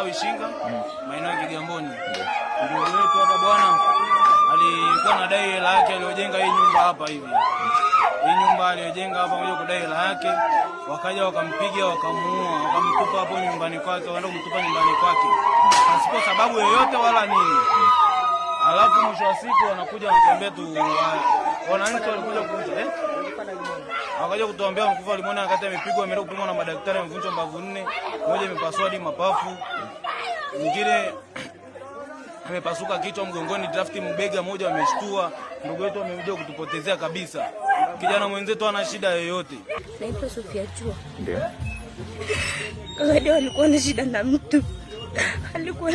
Malawi Shinga mm. maeneo ya Kigamboni. Ndugu wetu hapa bwana alikuwa na dai hela yake aliyojenga hii nyumba hapa hivi. Hii nyumba aliyojenga hapa kwa kudai hela yake, wakaja wakampiga, wakamuua, wakamtupa hapo nyumbani kwake, wakaenda kumtupa nyumbani kwake pasipo sababu yoyote wala nini. Alafu mwisho wa siku wanakuja wanatembea tu wananchi walikuja kuja eh, wakaja kutuambia mkufa alimwona wakati amepigwa, ameenda kupimwa na madaktari, amevunjwa mbavu nne, moja imepasua hadi mapafu, mwingine amepasuka kichwa mgongoni, draft mbega moja ameshtua. Ndugu yetu amekuja kutupotezea kabisa, kijana mwenzetu ana shida yoyote. Naitwa Sofia Chua. Ndio wade alikuwa na shida na mtu alikuwa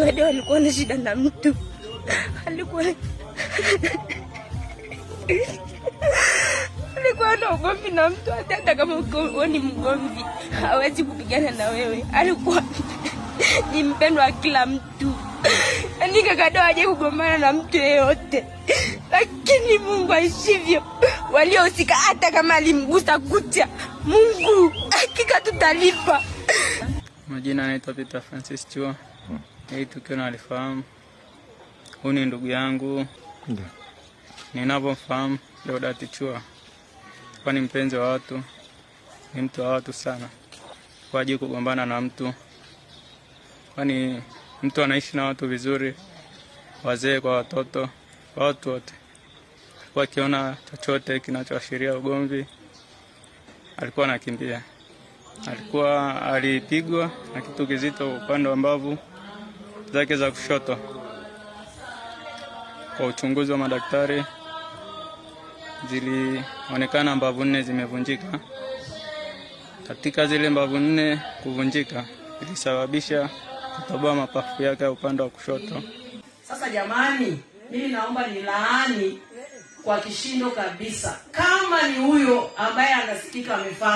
wade alikuwa na shida na mtu alikuwa alikuwa na ugomvi na mtu, hata kama uko ni mgomvi hawezi kupigana na wewe. Alikuwa ni mpendwa wa kila mtu, yaani Kakado hajawahi kugombana na mtu yeyote, lakini Mungu aishivyo, waliohusika hata kama alimgusa kucha, Mungu hakika tutalipa. Majina anaitwa Peter Francis Chua, hii tukio nalifahamu Huyu ni ndugu yangu ninavyomfahamu, Deodati Chua, kwa ni mpenzi wa watu, ni mtu wa watu sana, kwa ajili kugombana na mtu, kwani mtu anaishi na watu vizuri, wazee kwa watoto, kwa watu wote. Alikuwa akiona chochote kinachoashiria ugomvi, alikuwa anakimbia. Alikuwa alipigwa na kitu kizito upande wa mbavu zake za kushoto kwa uchunguzi wa madaktari zilionekana mbavu nne zimevunjika. Katika zile mbavu nne kuvunjika ilisababisha kutoboa mapafu yake ya upande wa kushoto. Sasa jamani, mimi naomba ni laani kwa kishindo kabisa, kama ni huyo ambaye anasikika amefanya